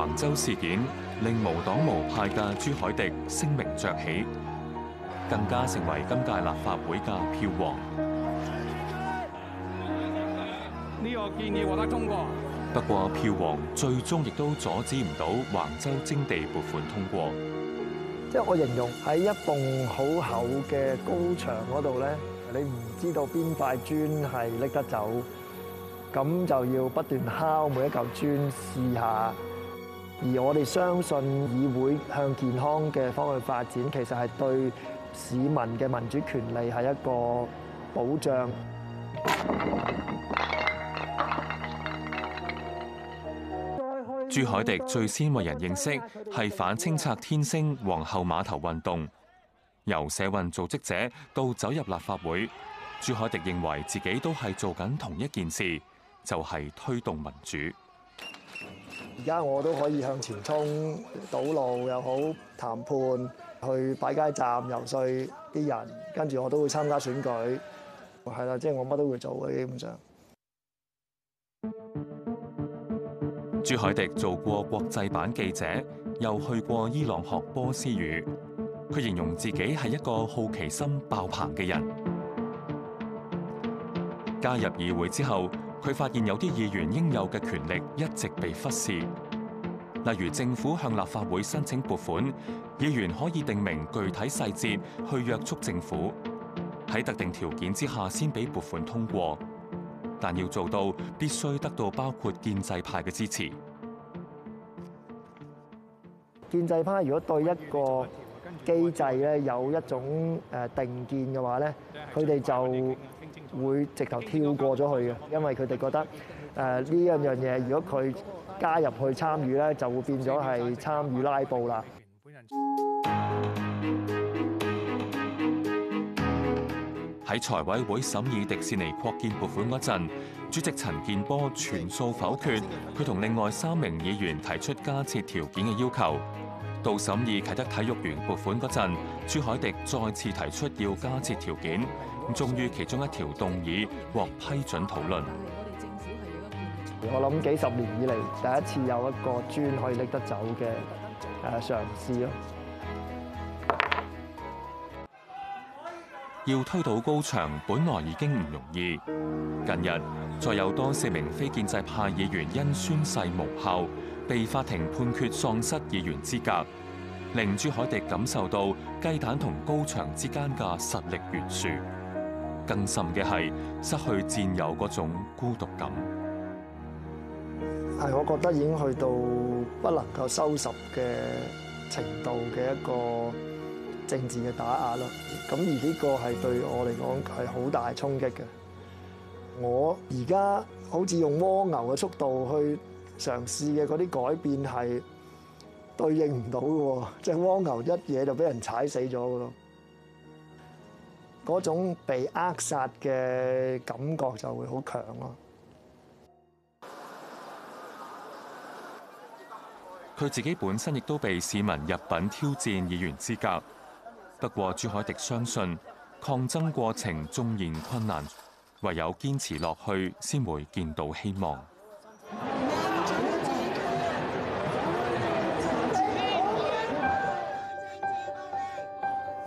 橫州事件令無黨無派嘅朱凱廸聲名鵲起，更加成為今屆立法會嘅票王。呢個建議獲得通過，不過票王最終亦都阻止唔到橫州徵地撥款通過。即係我形容喺一棟好厚嘅高牆嗰度咧，你唔知道邊塊磚係拎得走，咁就要不斷敲每一嚿磚試下。而我哋相信，議會向健康嘅方向發展，其實係對市民嘅民主權利係一個保障。朱凱廸最先為人認識係反清拆天星皇后碼頭運動，由社運組織者到走入立法會，朱凱廸認為自己都係做緊同一件事，就係推動民主。而家我都可以向前衝，堵路又好，談判，去擺街站遊說啲人，跟住我都會參加選舉，係啦，即係我乜都會做嘅，基本上。朱凱廸做過國際版記者，又去過伊朗學波斯語，佢形容自己係一個好奇心爆棚嘅人。加入議會之後。佢發現有啲議員應有嘅權力一直被忽視，例如政府向立法會申請撥款，議員可以定明具體細節去約束政府，喺特定條件之下先俾撥款通過，但要做到必須得到包括建制派嘅支持。建制派如果對一個機制咧有一種誒定見嘅話咧，佢哋就，會直頭跳過咗去嘅，因為佢哋覺得誒呢一樣嘢，如果佢加入去參與咧，就會變咗係參與拉布啦。喺財委會審議迪士尼擴建撥款嗰陣，主席陳建波全數否決，佢同另外三名議員提出加設條件嘅要求。到審議啟德體育園撥款嗰陣，朱凱廸再次提出要加設條件，咁終於其中一條動議獲批准討論。我諗幾十年以嚟，第一次有一個磚可以拎得走嘅嘗試咯。要推倒高牆，本來已經唔容易。近日，再有多四名非建制派議員因宣誓無效。被法庭判決喪失議員資格，令朱凱廸感受到雞蛋同高牆之間嘅實力懸殊。更深嘅係失去戰友嗰種孤獨感。係，我覺得已經去到不能夠收拾嘅程度嘅一個政治嘅打壓啦。咁而呢個係對我嚟講係好大衝擊嘅。我而家好似用蝸牛嘅速度去，嘗試嘅嗰啲改變係對應唔到嘅，即係蝸牛一嘢就俾人踩死咗嘅咯，嗰種被扼殺嘅感覺就會好強咯。佢自己本身亦都被市民入品挑戰議員資格，不過朱凱廸相信抗爭過程縱然困難，唯有堅持落去先會見到希望。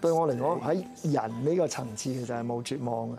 對我嚟講，喺人呢個層次其實係冇絕望的。